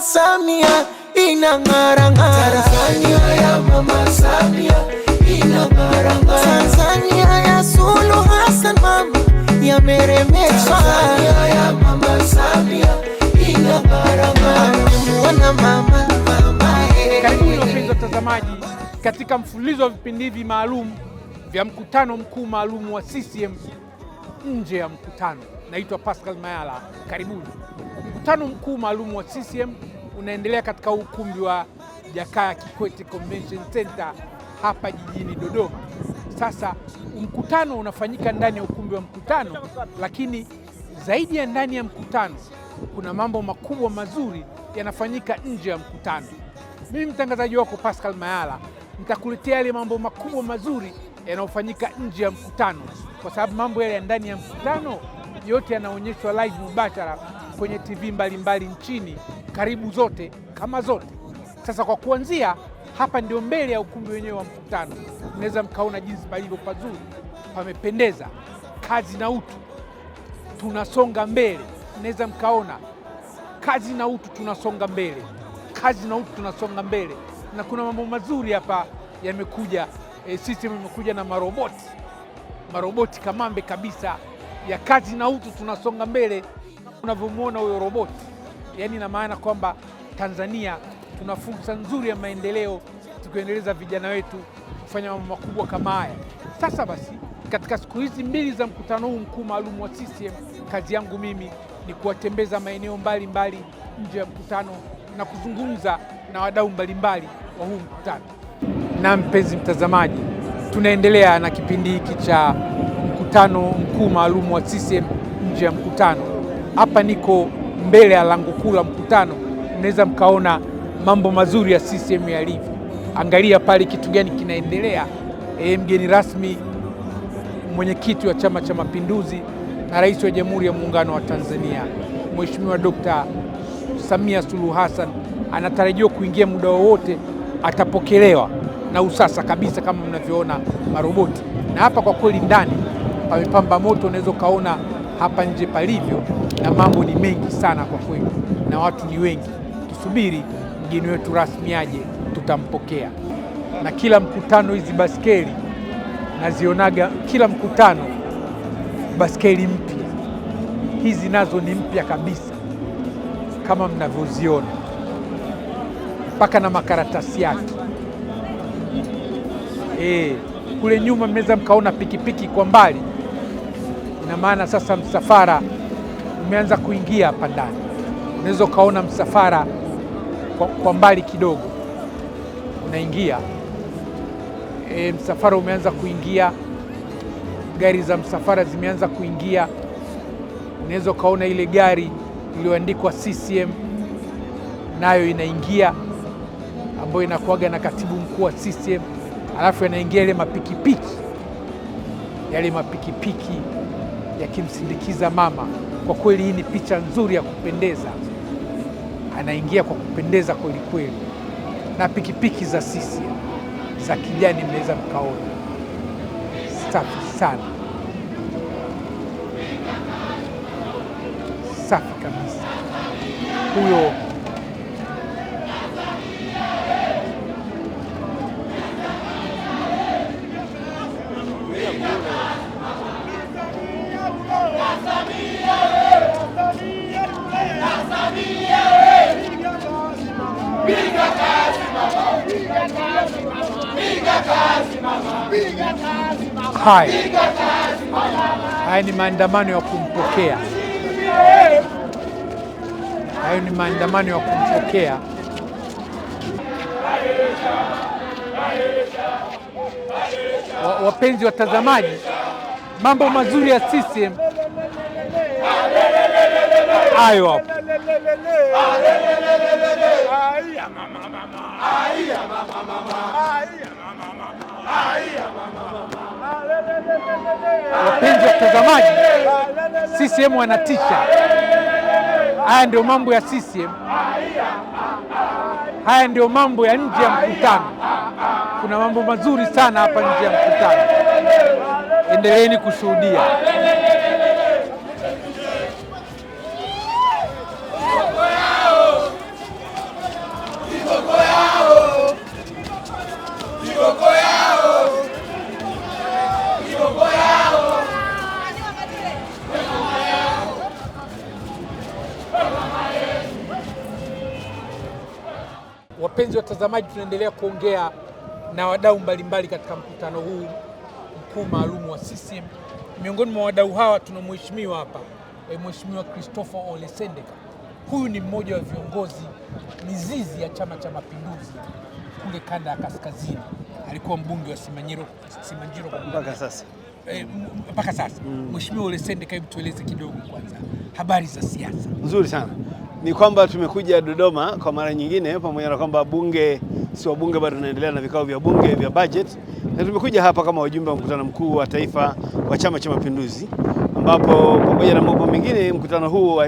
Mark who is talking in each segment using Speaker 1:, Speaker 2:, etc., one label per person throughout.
Speaker 1: Samia inang'ara ng'ara. Tanzania ya Mama Samia inang'ara ng'ara. Tanzania ya Suluhu Hassan mama yameremeshwa. Tanzania ya Mama Samia inang'ara ng'ara. Mwana mama mama, hey. Karibuni wapenzi watazamaji katika mfululizo wa vipindi hivi maalum vya mkutano mkuu maalum wa CCM nje ya mkutano. Naitwa Pascal Mayala, karibuni. Mkutano mkuu maalum wa CCM unaendelea katika ukumbi wa Jakaya Kikwete Convention Center hapa jijini Dodoma. Sasa mkutano unafanyika ndani ya ukumbi wa mkutano, lakini zaidi ya ndani ya mkutano kuna mambo makubwa mazuri yanafanyika nje ya mkutano. Mimi mtangazaji wako Pascal Mayala nitakuletea yale mambo makubwa mazuri yanayofanyika nje ya mkutano, kwa sababu mambo yale ya ndani ya mkutano yote yanaonyeshwa live mubashara kwenye TV mbalimbali mbali nchini karibu zote kama zote. Sasa kwa kuanzia hapa ndio mbele ya ukumbi wenyewe wa mkutano, mnaweza mkaona jinsi palivyo pazuri, pamependeza, kazi na utu, tunasonga mbele. Mnaweza mkaona kazi na utu, tunasonga mbele, kazi na utu, tunasonga mbele. Na kuna mambo mazuri hapa yamekuja, e, system imekuja na maroboti, maroboti kamambe kabisa ya kazi na utu, tunasonga mbele. Unavyomwona huyo roboti yani na maana kwamba Tanzania tuna fursa nzuri ya maendeleo tukiendeleza vijana wetu kufanya mambo makubwa kama haya. Sasa basi, katika siku hizi mbili za mkutano huu mkuu maalum wa CCM, kazi yangu mimi ni kuwatembeza maeneo mbalimbali nje ya mkutano na kuzungumza na wadau mbalimbali wa huu mkutano. Na mpenzi mtazamaji, tunaendelea na kipindi hiki cha mkutano mkuu maalum wa CCM nje ya mkutano. Hapa niko mbele ya lango kuu la mkutano, mnaweza mkaona mambo mazuri ya CCM yalivyo. Angalia pale kitu gani kinaendelea. E, mgeni rasmi mwenyekiti wa Chama cha Mapinduzi na Rais wa Jamhuri ya Muungano wa Tanzania Mheshimiwa Dkt. Samia Suluhu Hassan anatarajiwa kuingia muda wowote, atapokelewa na usasa kabisa kama mnavyoona maroboti. Na hapa kwa kweli ndani pamepamba moto, unaweza ukaona hapa nje palivyo na mambo ni mengi sana kwa kweli, na watu ni wengi. Tusubiri mgeni wetu rasmi aje, tutampokea. Na kila mkutano hizi baskeli nazionaga, kila mkutano baskeli mpya. Hizi nazo ni mpya kabisa kama mnavyoziona, mpaka na makaratasi yake. E, kule nyuma mnaweza mkaona pikipiki kwa mbali, ina maana sasa msafara umeanza kuingia hapa ndani, unaweza ukaona msafara kwa, kwa mbali kidogo unaingia. E, msafara umeanza kuingia, gari za msafara zimeanza kuingia. Unaweza ukaona ile gari iliyoandikwa CCM nayo inaingia, ambayo inakuaga na katibu mkuu wa CCM, alafu yanaingia ile mapikipiki yale mapikipiki yakimsindikiza mama. Kwa kweli hii ni picha nzuri ya kupendeza, anaingia kwa kupendeza kweli kweli, na pikipiki za sisi za kijani mnaweza mkaona, safi sana, safi kabisa huyo Haya, haya ni maandamano ya kumpokea, hayo ni maandamano ya kumpokea. Wapenzi watazamaji, mambo mazuri ya CCM hayo hapo. Wapenzi watazamaji, CCM wanatisha. Haya ndio mambo ya CCM, haya ndio mambo ya nje ya mkutano. Kuna mambo mazuri sana hapa nje ya mkutano, endeleeni kushuhudia. wapenzi watazamaji, tunaendelea kuongea na wadau mbalimbali katika mkutano huu mkuu maalum wa CCM. Miongoni mwa wadau hawa tuna mheshimiwa hapa, eh, Mheshimiwa Christopher Ole Sendeka. Huyu ni mmoja wa viongozi mizizi ya Chama cha Mapinduzi kule kanda ya kaskazini, alikuwa mbunge wa Simanjiro
Speaker 2: mpaka sasa eh, mpaka e, sasa. Mm. Mheshimiwa mm. Ole Sendeka, hebu tueleze kidogo kwanza habari za siasa. Nzuri sana ni kwamba tumekuja Dodoma kwa mara nyingine, pamoja na kwamba bunge si wabunge bado tunaendelea na vikao vya bunge vya budget, na tumekuja hapa kama wajumbe wa mkutano mkuu wa taifa wa Chama cha Mapinduzi, ambapo pamoja na mambo mengine mkutano huu uh,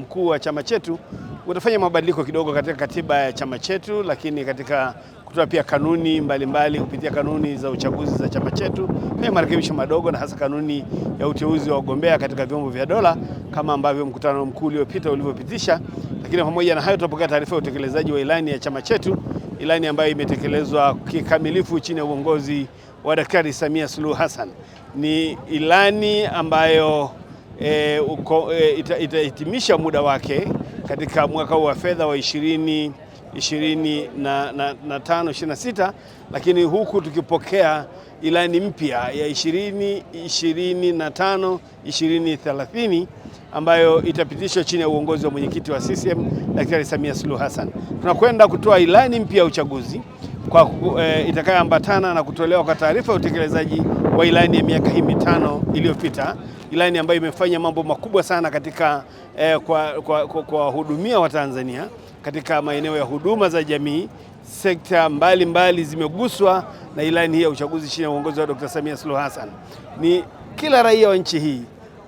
Speaker 2: mkuu wa chama chetu utafanya mabadiliko kidogo katika katiba ya chama chetu, lakini katika kutoa pia kanuni mbalimbali kupitia kanuni za uchaguzi za chama chetu, pia marekebisho madogo na hasa kanuni ya uteuzi wa wagombea katika vyombo vya dola kama ambavyo mkutano mkuu uliopita ulivyopitisha. Lakini pamoja na hayo, tutapokea taarifa ya utekelezaji wa ilani ya chama chetu, ilani ambayo imetekelezwa kikamilifu chini ya uongozi wa Daktari Samia Suluhu Hassan. Ni ilani ambayo e, uko, e, ita, itahitimisha muda wake katika mwaka huu wa fedha wa ishirini 25 lakini huku tukipokea ilani mpya ya 20 25 2030 ambayo itapitishwa chini ya uongozi wa mwenyekiti wa CCM Daktari Samia Suluhu Hassan. Tunakwenda kutoa ilani mpya ya uchaguzi kwa e, itakayoambatana na kutolewa kwa taarifa ya utekelezaji wa ilani ya miaka hii mitano iliyopita, ilani ambayo imefanya mambo makubwa sana katika e, kwa kuwahudumia Watanzania katika maeneo ya huduma za jamii. Sekta mbalimbali mbali zimeguswa na ilani hii ya uchaguzi chini ya uongozi wa Dr. Samia Suluhu Hassan. Ni kila raia wa nchi hii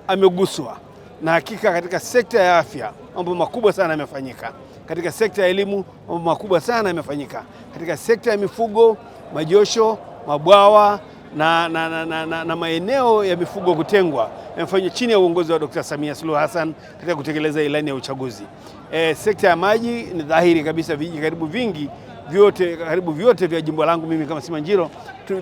Speaker 2: ameguswa na hakika, katika sekta ya afya mambo makubwa sana yamefanyika, katika sekta ya elimu mambo makubwa sana yamefanyika, katika sekta ya mifugo, majosho, mabwawa na, na, na, na, na, na maeneo ya mifugo kutengwa yamefanywa chini ya uongozi wa Dkt. Samia Suluhu Hassan katika kutekeleza ilani ya uchaguzi. E, sekta ya maji ni dhahiri kabisa, vijiji karibu vingi vyote, karibu vyote vya jimbo langu mimi kama Simanjiro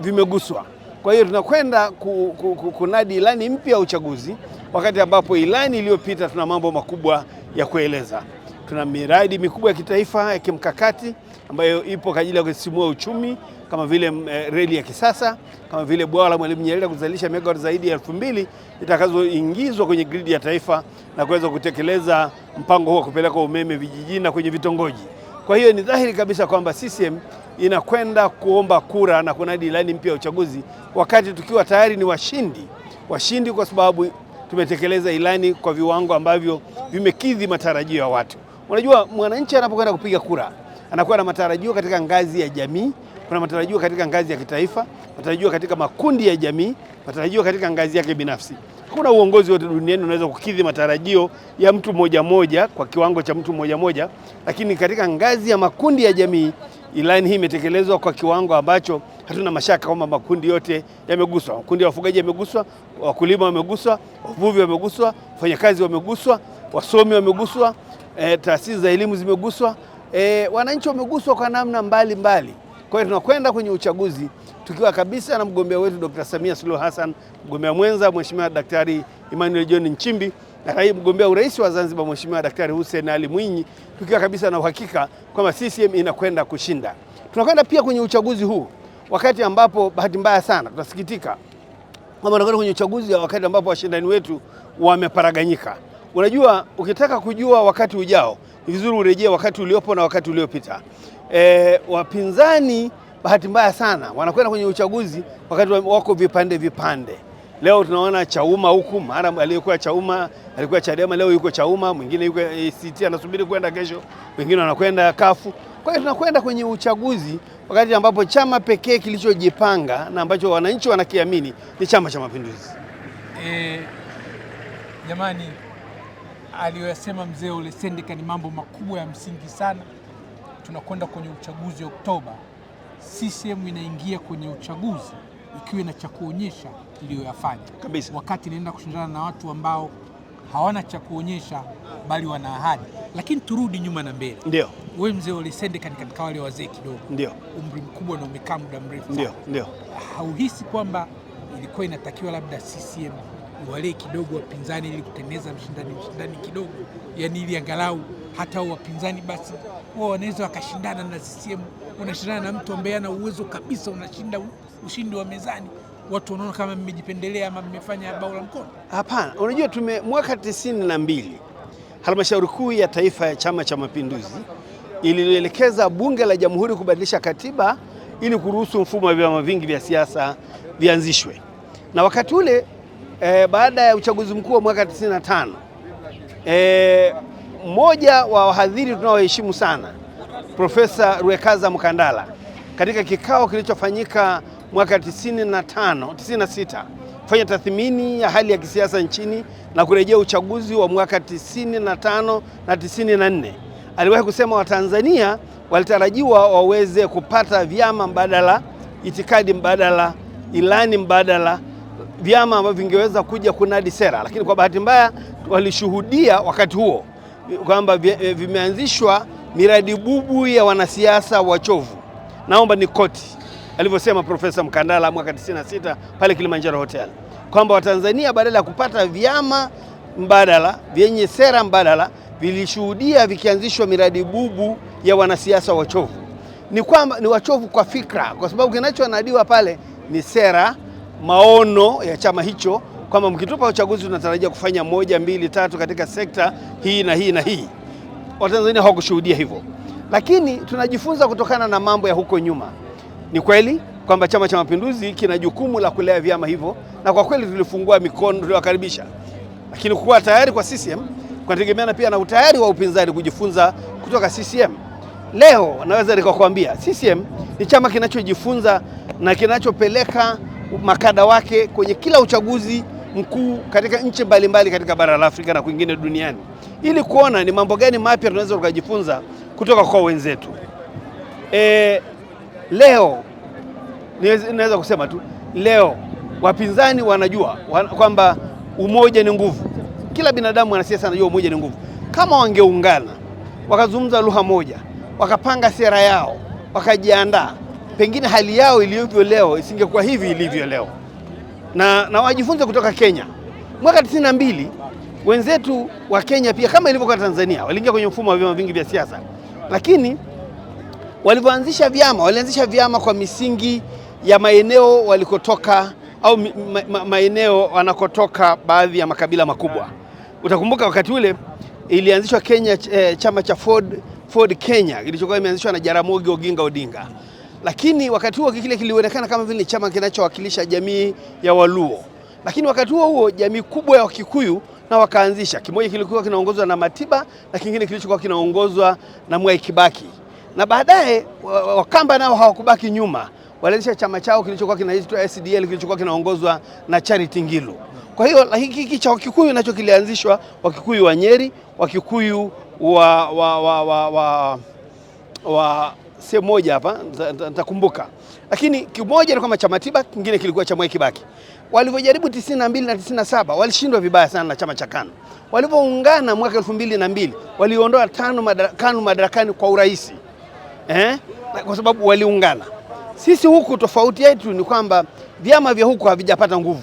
Speaker 2: vimeguswa. Kwa hiyo tunakwenda ku, ku, ku, kunadi ilani mpya ya uchaguzi, wakati ambapo ilani iliyopita tuna mambo makubwa ya kueleza. Tuna miradi mikubwa ya kitaifa ya kimkakati ambayo ipo kwa ajili ya kusimua uchumi kama vile eh, reli ya kisasa, kama vile bwawa la Mwalimu Nyerere kuzalisha megawati zaidi ya elfu mbili itakazoingizwa kwenye gridi ya taifa na kuweza kutekeleza mpango huo wa kupeleka umeme vijijini na kwenye vitongoji. Kwa hiyo ni dhahiri kabisa kwamba CCM inakwenda kuomba kura na kunadi ilani mpya ya uchaguzi wakati tukiwa tayari ni washindi, washindi kwa sababu tumetekeleza ilani kwa viwango ambavyo vimekidhi matarajio ya watu. Unajua, mwananchi anapokwenda kupiga kura anakuwa na matarajio katika ngazi ya jamii kuna matarajio katika ngazi ya kitaifa, matarajio katika makundi ya jamii, matarajio katika ngazi yake binafsi. Hakuna uongozi wote duniani unaweza kukidhi matarajio ya mtu moja moja kwa kiwango cha mtu moja moja lakini katika ngazi ya makundi ya jamii ilani hii imetekelezwa kwa kiwango ambacho hatuna mashaka kwamba makundi yote yameguswa. Makundi ya wafugaji yameguswa, wakulima wameguswa, wavuvi wameguswa, wafanyakazi wameguswa, wasomi wameguswa, e, taasisi za elimu zimeguswa, e, wananchi wameguswa kwa namna mbalimbali mbali. Kwa hiyo tunakwenda kwenye uchaguzi tukiwa kabisa na mgombea wetu Dr. Samia Suluhu Hassan, mgombea mwenza Mheshimiwa Daktari Emmanuel John Nchimbi na naibu mgombea urais wa Zanzibar Mheshimiwa Daktari Hussein Ali Mwinyi, tukiwa kabisa na uhakika kwamba CCM inakwenda kushinda. Tunakwenda pia kwenye uchaguzi huu wakati ambapo bahati mbaya sana tunasikitika kwamba tunakwenda kwenye uchaguzi wakati ambapo washindani wetu wameparaganyika. Unajua, ukitaka kujua wakati ujao ni vizuri urejee wakati uliopo na wakati uliopita e, wapinzani bahati mbaya sana wanakwenda kwenye uchaguzi wakati wako vipande vipande. Leo tunaona Chauma huku, mara aliyekuwa Chauma alikuwa Chadema, leo yuko Chauma, mwingine yuko ACT anasubiri kwenda kesho, wengine wanakwenda kafu. Kwa hiyo tunakwenda kwenye uchaguzi wakati ambapo chama pekee kilichojipanga na ambacho wananchi wanakiamini ni Chama cha Mapinduzi. E, jamani, aliyoyasema mzee ule Sendeka ni mambo makubwa ya msingi sana tunakwenda kwenye uchaguzi Oktoba, CCM inaingia kwenye uchaguzi ikiwa na cha kuonyesha iliyoyafanya kabisa, wakati inaenda kushindana na watu ambao hawana cha kuonyesha bali wana ahadi. Lakini turudi nyuma na mbele, ndio wewe mzee ulisendekani katika wale wazee kidogo, ndio umri mkubwa na umekaa muda mrefu, ndio ndio, hauhisi kwamba ilikuwa inatakiwa labda CCM wale kidogo wapinzani ili kutengeneza mshindani mshindani kidogo, yani ili angalau hata wapinzani basi wao wanaweza wakashindana na CCM. Unashindana na mtu ambaye ana uwezo kabisa, unashinda ushindi wa mezani, watu wanaona kama mmejipendelea ama mmefanya bao la mkono. Hapana, unajua tume mwaka tisini na mbili halmashauri kuu ya taifa ya Chama cha Mapinduzi ilielekeza bunge la jamhuri kubadilisha katiba ili kuruhusu mfumo wa vyama vingi vya siasa vianzishwe, na wakati ule e, baada ya uchaguzi mkuu wa mwaka 95 e, eh, mmoja wa wahadhiri tunaoheshimu sana Profesa Ruekaza Mkandala katika kikao kilichofanyika mwaka 95 96 kufanya tathmini ya hali ya kisiasa nchini na kurejea uchaguzi wa mwaka 95 na 94, aliwahi kusema Watanzania walitarajiwa waweze kupata vyama mbadala, itikadi mbadala, ilani mbadala, vyama ambavyo vingeweza kuja kunadi sera, lakini kwa bahati mbaya walishuhudia wakati huo kwamba eh, vimeanzishwa miradi bubu ya wanasiasa wachovu. Naomba ni koti alivyosema Profesa Mkandala mwaka 96 pale Kilimanjaro Hotel kwamba Watanzania badala ya kupata vyama mbadala vyenye sera mbadala vilishuhudia vikianzishwa miradi bubu ya wanasiasa wachovu. Ni kwamba ni wachovu kwa fikra, kwa sababu kinachoanadiwa pale ni sera, maono ya chama hicho kwamba mkitupa uchaguzi tunatarajia kufanya moja, mbili, tatu katika sekta hii na hii na hii. Watanzania hawakushuhudia hivyo, lakini tunajifunza kutokana na mambo ya huko nyuma. Ni kweli kwamba Chama cha Mapinduzi kina jukumu la kulea vyama hivyo, na kwa kweli tulifungua mikono, tuliwakaribisha, lakini kuwa tayari kwa CCM kunategemeana pia na utayari wa upinzani kujifunza kutoka CCM. Leo naweza nikakwambia CCM ni chama kinachojifunza na kinachopeleka makada wake kwenye kila uchaguzi mkuu katika nchi mbalimbali katika bara la Afrika na kwingine duniani ili kuona ni mambo gani mapya tunaweza tukajifunza kutoka kwa wenzetu. E, leo naweza kusema tu leo wapinzani wanajua kwamba umoja ni nguvu. Kila binadamu wanasiasa anajua umoja ni nguvu. Kama wangeungana wakazungumza lugha moja, wakapanga sera yao, wakajiandaa, pengine hali yao ilivyo leo isingekuwa hivi ilivyo leo na, na wajifunze kutoka Kenya. Mwaka 92 wenzetu wa Kenya pia kama ilivyokuwa Tanzania waliingia kwenye mfumo wa vyama vingi vya siasa, lakini walivyoanzisha vyama walianzisha vyama kwa misingi ya maeneo walikotoka au ma, ma, maeneo wanakotoka baadhi ya makabila makubwa. Utakumbuka wakati ule ilianzishwa Kenya eh, chama cha Ford, Ford Kenya kilichokuwa imeanzishwa na Jaramogi Oginga Odinga. Lakini wakati huo kile kilionekana kama vile chama kinachowakilisha jamii ya Waluo, lakini wakati huo huo jamii kubwa ya Wakikuyu na wakaanzisha kimoja kilikuwa kinaongozwa na Matiba na kingine kilichokuwa kinaongozwa na Mwai Kibaki, na baadaye Wakamba nao hawakubaki nyuma, walianzisha chama chao kilichokuwa kinaitwa SDL kilichokuwa kinaongozwa na Charity Ngilu. Kwa hiyo hiki cha Wakikuyu nacho kilianzishwa, Wakikuyu wa Nyeri, Wakikuyu wa, wa, wa, wa, wa, wa sehemu moja hapa nitakumbuka, lakini kimoja ni kama chama tiba, kingine kilikuwa cha Mwai Kibaki. Walivyojaribu 92 na 97 walishindwa vibaya sana na chama cha KANU. Walivyoungana mwaka 2002 waliondoa tano madara, KANU madarakani kwa urahisi eh, kwa sababu waliungana. Sisi huku tofauti yetu ni kwamba vyama vya huku havijapata nguvu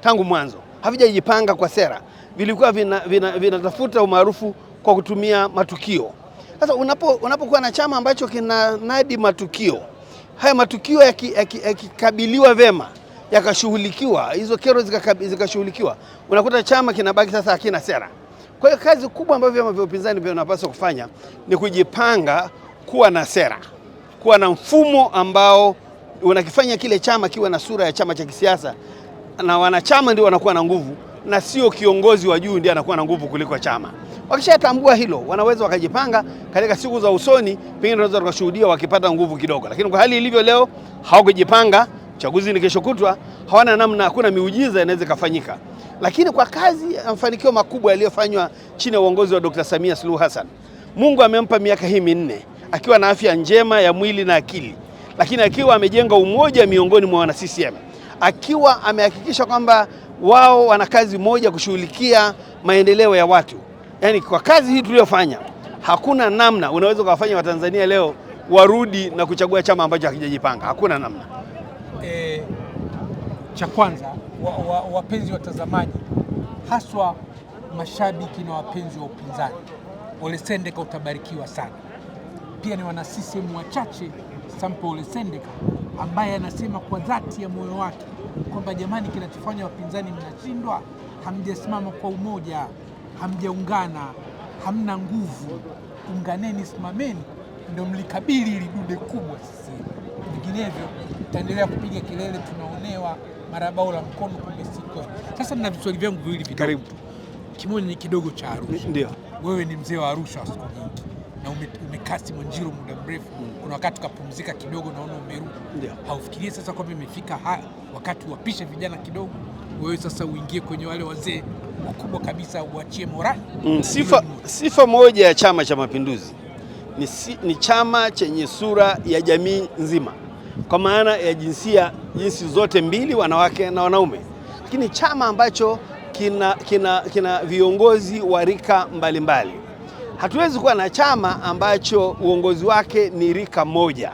Speaker 2: tangu mwanzo, havijajipanga kwa sera, vilikuwa vinatafuta vina, vina umaarufu kwa kutumia matukio sasa unapokuwa na chama ambacho kinanadi matukio haya, matukio yakikabiliwa yaki, yaki vema yakashughulikiwa, hizo kero zikashughulikiwa, zika unakuta chama kinabaki sasa hakina sera. Kwa hiyo kazi kubwa ambayo vyama vya upinzani vinapaswa kufanya ni kujipanga kuwa na sera, kuwa na mfumo ambao unakifanya kile chama kiwe na sura ya chama cha kisiasa, na wanachama ndio wanakuwa na nguvu, na sio kiongozi wa juu ndiye anakuwa na nguvu kuliko chama. Wakishatambua hilo, wanaweza wakajipanga katika siku za usoni, pengine tunaweza tukashuhudia wakipata nguvu kidogo, lakini kwa hali ilivyo leo hawakujipanga. Chaguzi ni kesho kutwa, hawana namna, hakuna miujiza inaweza kufanyika. Lakini kwa kazi ya mafanikio makubwa yaliyofanywa chini ya uongozi wa Dr. Samia Suluhu Hassan, Mungu amempa miaka hii minne akiwa na afya njema ya mwili na akili, lakini akiwa amejenga umoja miongoni mwa wana CCM, akiwa amehakikisha kwamba wao wana kazi moja kushughulikia maendeleo ya watu yani kwa kazi hii tuliyofanya, hakuna namna unaweza ukawafanya Watanzania leo warudi na kuchagua chama ambacho hakijajipanga. Hakuna namna. E, cha kwanza wapenzi wa, wapenzi watazamaji haswa mashabiki na wapenzi wa upinzani, Ole Sendeka utabarikiwa sana. Pia ni wana CCM wachache sample Ole Sendeka ambaye anasema kwa dhati ya moyo wake kwamba jamani, kinachofanya wapinzani mnashindwa, hamjasimama kwa umoja hamjaungana, hamna nguvu, unganeni, simameni, ndio mlikabili ili dude kubwa sisi. Vinginevyo tutaendelea kupiga kelele, tunaonewa marabao la mkono, kumbe si Sasa nina viswali vyangu viwili vidogo. Kimoja ni kidogo cha Arusha. Ndio. Wewe ni mzee wa Arusha wa siku nyingi na umekasi ume Mwanjiro muda mrefu, mm. kuna wakati ukapumzika kidogo, naona umerudi. Haufikirie sasa kwamba imefika wakati uwapishe vijana kidogo wewe sasa uingie kwenye wale wazee wakubwa kabisa, uachie morali mm. Sifa, sifa moja ya Chama cha Mapinduzi ni, si, ni chama chenye sura ya jamii nzima kwa maana ya jinsia, jinsi zote mbili, wanawake na wanaume, lakini chama ambacho kina, kina, kina viongozi wa rika mbalimbali. Hatuwezi kuwa na chama ambacho uongozi wake ni rika moja.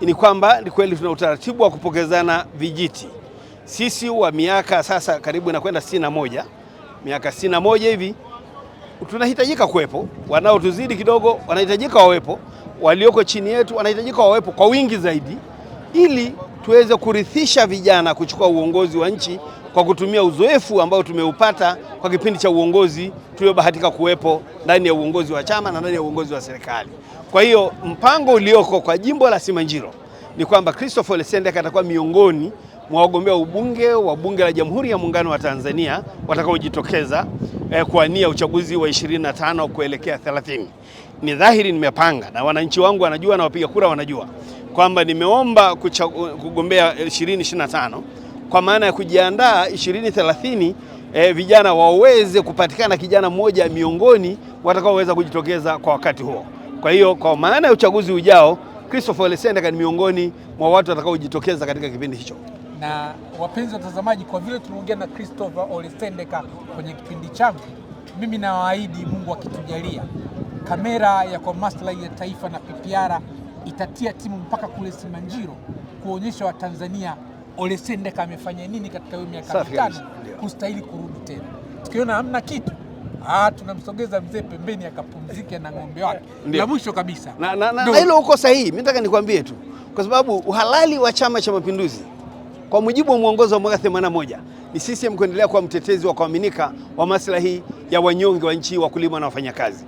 Speaker 2: Ni kwamba ni kweli tuna utaratibu wa kupokezana vijiti. Sisi wa miaka sasa karibu inakwenda sitini na moja, miaka sitini na moja hivi tunahitajika kuwepo, wanaotuzidi kidogo wanahitajika wawepo, walioko chini yetu wanahitajika wawepo kwa wingi zaidi, ili tuweze kurithisha vijana kuchukua uongozi wa nchi kwa kutumia uzoefu ambao tumeupata kwa kipindi cha uongozi tuliobahatika kuwepo ndani ya uongozi wa chama na ndani ya uongozi wa serikali. Kwa hiyo mpango ulioko kwa jimbo la Simanjiro ni kwamba Christopher Lesendeka atakuwa miongoni mwa wagombea ubunge wa bunge la Jamhuri ya Muungano wa Tanzania watakaojitokeza eh, kuania uchaguzi wa 25 kuelekea 30. Ni dhahiri nimepanga na wananchi wangu wanajua na wapiga kura wanajua kwamba nimeomba kugombea 2025 kwa maana ya kujiandaa 2030 E, eh, vijana waweze kupatikana kijana mmoja miongoni watakaoweza kujitokeza kwa wakati huo. Kwa hiyo kwa maana ya uchaguzi ujao Christopher Ole Sendeka ni miongoni mwa watu watakaojitokeza katika kipindi hicho na wapenzi watazamaji, kwa vile tunaongea na Christopher Ole Sendeka kwenye kipindi changu, mimi nawaahidi, Mungu akitujalia, kamera ya kwa maslahi ya taifa na PPR itatia timu mpaka kule Simanjiro kuonyesha Watanzania Ole Sendeka amefanya nini katika hiyo miaka mitano kustahili kurudi tena. Tukiona hamna kitu Ah, tunamsogeza mzee pembeni akapumzike na ng'ombe wake. Na mwisho kabisa, na hilo uko sahihi, mimi nataka nikwambie tu, kwa sababu uhalali wa Chama cha Mapinduzi kwa mujibu wa mwongozo wa mwaka 81 ni CCM kuendelea kuwa mtetezi wa kuaminika wa maslahi ya wanyonge wa nchi, wakulima na wafanyakazi.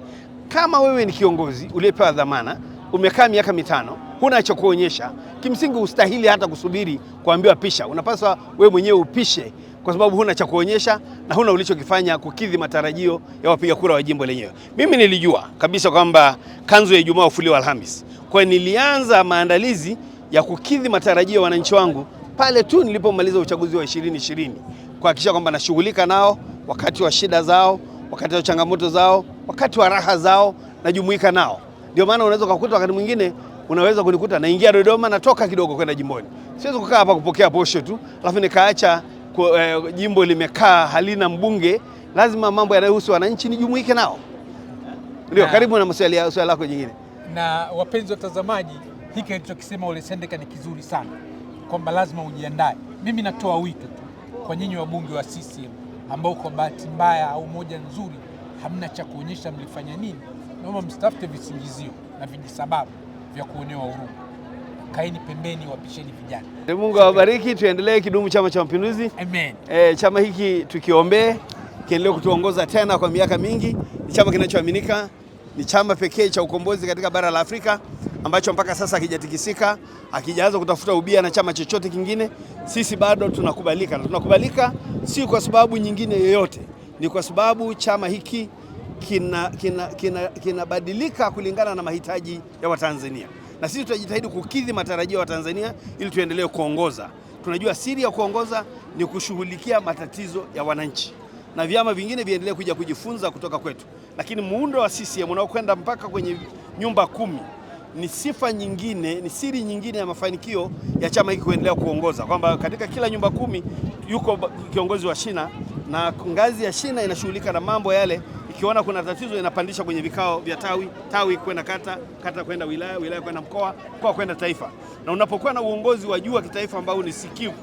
Speaker 2: Kama wewe ni kiongozi uliyepewa dhamana, umekaa miaka mitano, huna cha kuonyesha, kimsingi ustahili hata kusubiri kuambiwa pisha. Unapaswa wewe mwenyewe upishe, kwa sababu huna cha kuonyesha na huna ulichokifanya kukidhi matarajio ya wapiga kura wa jimbo lenyewe. Mimi nilijua kabisa kwamba kanzu ya Ijumaa ufuliwa Alhamisi, kwa nilianza maandalizi ya kukidhi matarajio ya wananchi wangu pale tu nilipomaliza uchaguzi wa 2020 kuhakikisha kwamba nashughulika nao wakati wa shida zao, wakati wa changamoto zao, wakati wa raha zao, najumuika nao. Ndio maana unaweza kukuta wakati mwingine unaweza kunikuta naingia Dodoma, natoka kidogo kwenda jimboni. Siwezi kukaa hapa kupokea posho tu alafu nikaacha eh, jimbo limekaa halina mbunge. Lazima mambo yanayohusu wananchi nijumuike nao. Ndio, karibu na maswali yao, swali lako jingine. Na wapenzi watazamaji, hiki alichokisema Ole Sendeka ni kizuri sana kwamba lazima ujiandae. Mimi natoa wito tu kwa nyinyi wabunge wa CCM ambao kwa bahati mbaya au moja nzuri hamna cha kuonyesha mlifanya nini, naomba msitafute visingizio na vijisababu vya kuonewa huruma. Kaeni pembeni, wapisheni vijana. Mungu awabariki, tuendelee. Kidumu Chama cha Mapinduzi! Amen. E, chama hiki tukiombee kiendelee kutuongoza tena kwa miaka mingi. Ni chama kinachoaminika, ni chama pekee cha ukombozi katika bara la Afrika ambacho mpaka sasa hakijatikisika, hakijaanza kutafuta ubia na chama chochote kingine. Sisi bado tunakubalika na tunakubalika, si kwa sababu nyingine yoyote, ni kwa sababu chama hiki kinabadilika kina, kina, kina kulingana na mahitaji ya Watanzania, na sisi tutajitahidi kukidhi matarajio ya Watanzania ili tuendelee kuongoza. Tunajua siri ya kuongoza ni kushughulikia matatizo ya wananchi, na vyama vingine viendelee kuja kujifunza kutoka kwetu, lakini muundo wa CCM unaokwenda mpaka kwenye nyumba kumi ni sifa nyingine, ni siri nyingine ya mafanikio ya chama hiki kuendelea kuongoza, kwamba katika kila nyumba kumi yuko kiongozi wa shina, na ngazi ya shina inashughulika na mambo yale ikiona kuna tatizo inapandisha kwenye vikao vya tawi, tawi kwenda kata, kata kwenda wilaya, wilaya kwenda mkoa, mkoa kwenda taifa. Na unapokuwa na uongozi wa juu wa kitaifa ambao ni sikivu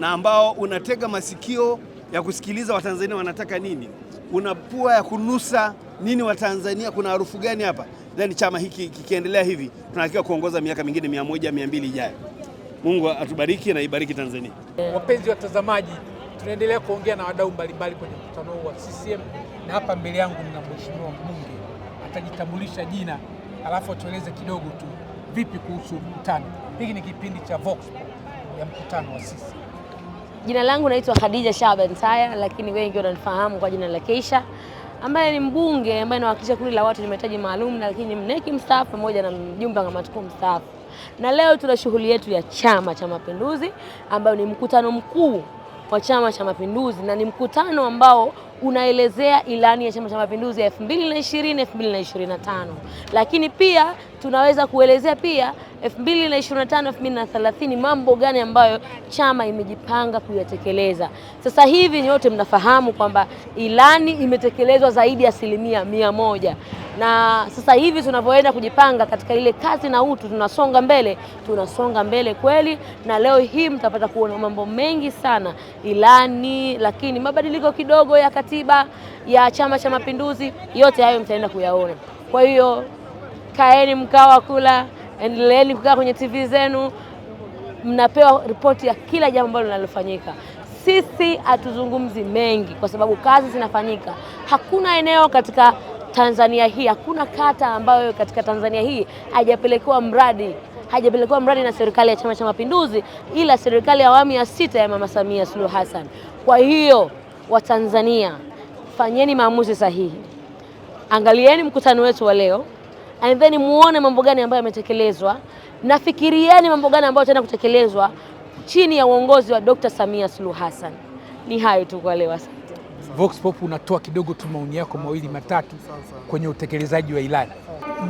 Speaker 2: na ambao unatega masikio ya kusikiliza Watanzania wanataka nini, una pua ya kunusa nini Watanzania, kuna harufu gani hapa, then chama hiki kikiendelea hivi tunatakiwa kuongoza miaka mingine mia moja mia mbili ijayo. Mungu atubariki na ibariki Tanzania. Wapenzi watazamaji, tunaendelea kuongea na wadau mbalimbali kwenye mkutano huu wa CCM na hapa mbele yangu nina mheshimiwa mbunge atajitambulisha jina, alafu atueleze kidogo tu vipi kuhusu mkutano. Hiki ni kipindi cha Vox ya mkutano wa CCM. Jina langu naitwa Khadija Shaaban Taya, lakini wengi wananifahamu kwa jina la Keisha ambaye ni mbunge ambaye anawakilisha kundi la watu wenye mahitaji maalum, lakini ni mneki mstaafu pamoja na mjumbe wa kamati kuu mstaafu. Na leo tuna shughuli yetu ya Chama cha Mapinduzi ambayo ni mkutano mkuu wa Chama cha Mapinduzi na ni mkutano ambao unaelezea ilani ya Chama cha Mapinduzi ya 2020 2025, lakini pia tunaweza kuelezea pia 2025 2030 mambo gani ambayo chama imejipanga kuyatekeleza. Sasa hivi nyote mnafahamu kwamba ilani imetekelezwa zaidi ya asilimia mia moja na sasa hivi tunavyoenda kujipanga katika ile kazi na utu, tunasonga mbele, tunasonga mbele kweli, na leo hii mtapata kuona mambo mengi sana ilani, lakini mabadiliko kidogo ya kati katiba ya Chama cha Mapinduzi, yote hayo mtaenda kuyaona. Kwa hiyo kaeni mkawa kula, endeleeni kukaa kwenye TV zenu, mnapewa ripoti ya kila jambo ambalo linalofanyika. Sisi hatuzungumzi mengi kwa sababu kazi zinafanyika. Hakuna eneo katika Tanzania hii, hakuna kata ambayo katika Tanzania hii haijapelekewa mradi hajapelekewa mradi na serikali ya Chama cha Mapinduzi, ila serikali ya awamu ya sita ya Mama Samia Suluhu Hassan. Kwa hiyo Watanzania, fanyeni maamuzi sahihi, angalieni mkutano wetu wa leo and then muone mambo gani ambayo yametekelezwa, nafikirieni mambo gani ambayo tena kutekelezwa chini ya uongozi wa Dr. Samia Suluhu Hassan. Ni hayo tu kwa leo. Vox Pop unatoa kidogo tu maoni yako mawili matatu kwenye utekelezaji wa ilani.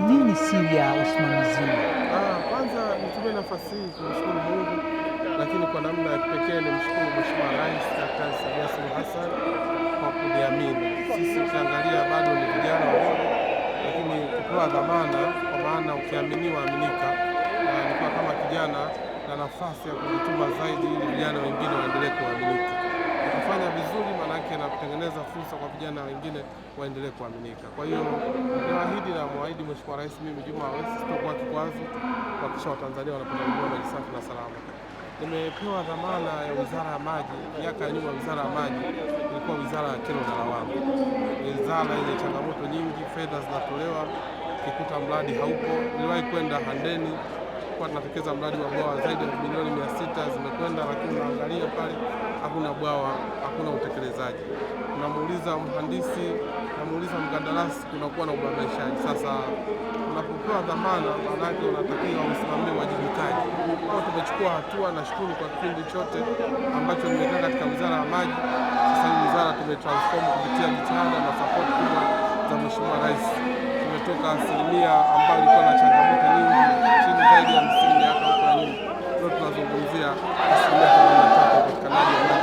Speaker 2: Nini siri ya usimamizi? Ah, kwanza nitumie nafasi hii kumshukuru Mungu lakini kwa namna ya kipekee ni mshukuru Mheshimiwa Rais Daktari Samia Suluhu Hassan kwa kuliamini. Sisi ukiangalia bado ni vijana wadogo, lakini kupewa dhamana, kwa maana ukiaminiwa aminika, na nilikuwa kama kijana na nafasi ya kujituma zaidi ili vijana wengine waendelee kuaminika. Ukifanya vizuri, maanake na kutengeneza fursa kwa vijana wengine waendelee kuaminika. Kwa hiyo niwaahidi na mwahidi Mheshimiwa Rais, mimi Juma Awesi sitakuwa kikwazo kuhakikisha Watanzania wanapata huduma maji safi na salama nimepewa dhamana ya wizara ya maji. Miaka ya nyuma, wizara ya maji ilikuwa wizara ya kero na lawama, wizara yenye changamoto nyingi, fedha zinatolewa kikuta mradi haupo. Niliwahi kwenda Handeni kwa tunatekeza mradi wa bwawa zaidi ya milioni mia sita zimekwenda, lakini unaangalia pale hakuna bwawa, hakuna utekelezaji unamuuliza mhandisi, unamuuliza mkandarasi, kunakuwa na ubabaishaji. Sasa unapopewa dhamana, maanake unatakiwa usimamie uwajibikaji. Kwa tumechukua hatua, nashukuru kwa kipindi chote ambacho nimekaa katika wizara ya maji. Sasa hii wizara tumetransform kupitia jitihada na sapoti kubwa za Mheshimiwa Rais, tumetoka asilimia ambayo ilikuwa na changamoto nyingi, chini zaidi ya hamsini miaka huko nyuma, leo tunazungumzia asilimia themanini na tatu upatikanaji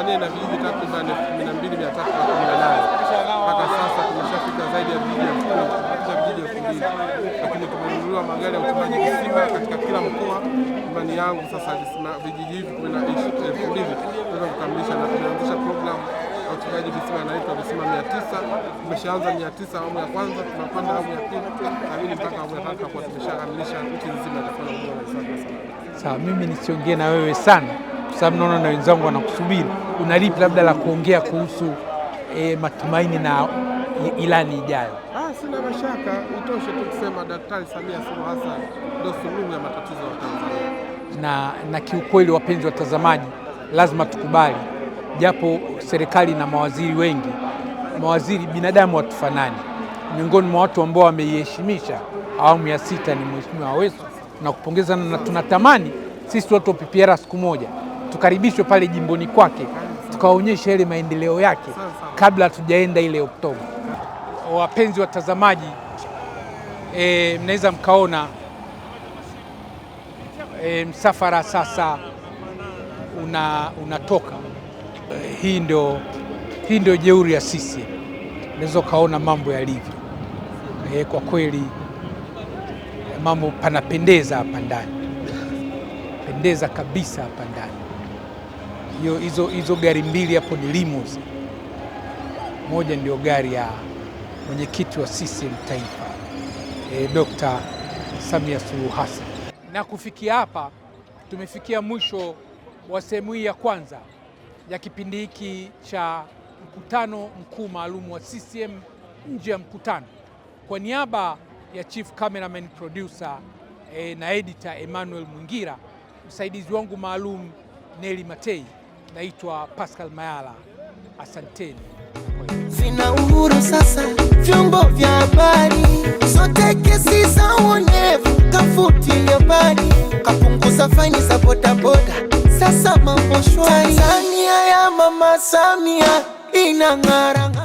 Speaker 2: Tanzania ina vijiji takriban 12318 mpaka sasa tumeshafika zaidi ya vijiji elfu kumi kufikisha vijiji elfu mbili lakini tumenunuliwa magari ya upimaji kisima katika kila mkoa. Imani yangu sasa vijiji hivi kumi na elfu mbili tunaweza kukamilisha, na tumeanzisha programu ya uchimaji visima inaitwa visima mia tisa. Tumeshaanza mia tisa awamu ya kwanza, tunakwenda awamu ya pili lakini mpaka awamu ya tatu takuwa tumeshakamilisha nchi nzima itafanya huduma. Sawa, mimi nisiongee na wewe sana kwa sababu naona na wenzangu wanakusubiri kuna lipi labda la kuongea kuhusu e, matumaini na ilani ijayo? Ah, sina mashaka, itoshe tu kusema Daktari Samia Suluhu Hassan ndio suluhu ya matatizo ya Tanzania, na, na kiukweli, wapenzi watazamaji, lazima tukubali, japo serikali na mawaziri wengi, mawaziri binadamu watufanani. Miongoni mwa watu ambao wameiheshimisha awamu ya sita ni Mheshimiwa Aweso na kupongezana, na tunatamani sisi watu wa PPR siku moja tukaribishwe pale jimboni kwake tukaonyesha ile maendeleo yake kabla hatujaenda ile Oktoba. Wapenzi watazamaji, e, mnaweza mkaona e, msafara sasa una, unatoka. hii ndio hii ndio jeuri ya sisi, unaweza ukaona mambo yalivyo. E, kwa kweli mambo panapendeza hapa ndani, pendeza kabisa hapa ndani hizo hizo gari mbili hapo ni limos, moja ndio gari ya mwenyekiti wa CCM taifa e, Dr. Samia Suluhu Hassan. Na kufikia hapa tumefikia mwisho wa sehemu hii ya kwanza ya kipindi hiki cha mkutano mkuu maalum wa CCM nje ya mkutano. Kwa niaba ya chief cameraman producer e, na editor Emmanuel Mwingira, msaidizi wangu maalum Neli Matei. Naitwa Pascal Mayala, asanteni. Vina uhuru sasa vyombo vya habari, sote kesi za uonevu kafuti habari, kapunguza faini za bodaboda, sasa mambo shwari. Tanzania ya mama Samia inang'ara.